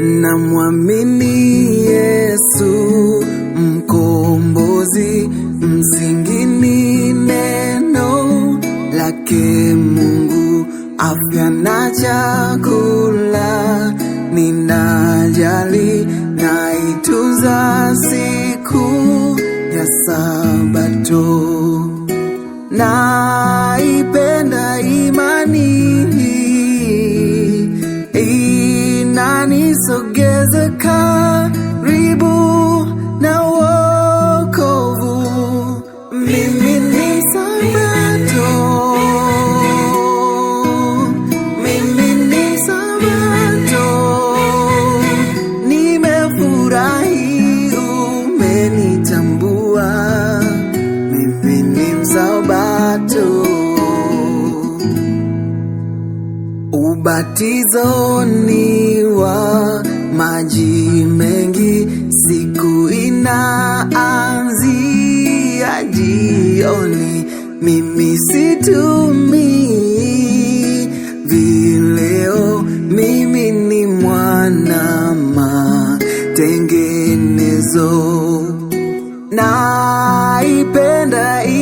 Namwamini Yesu mkombozi, msingini neno lake Mungu, afya na chakula, ninajali naitunza siku ya Sabato na Tucheze karibu na wokovu, mimi ni Sabato, mimi ni Sabato, nimefurahi umenitambua, mimi ni Msabato. Ubatizo ni wa maji mengi siku inaanzia jioni. Mimi situmii vileo, mimi ni mwana matengenezo, naipenda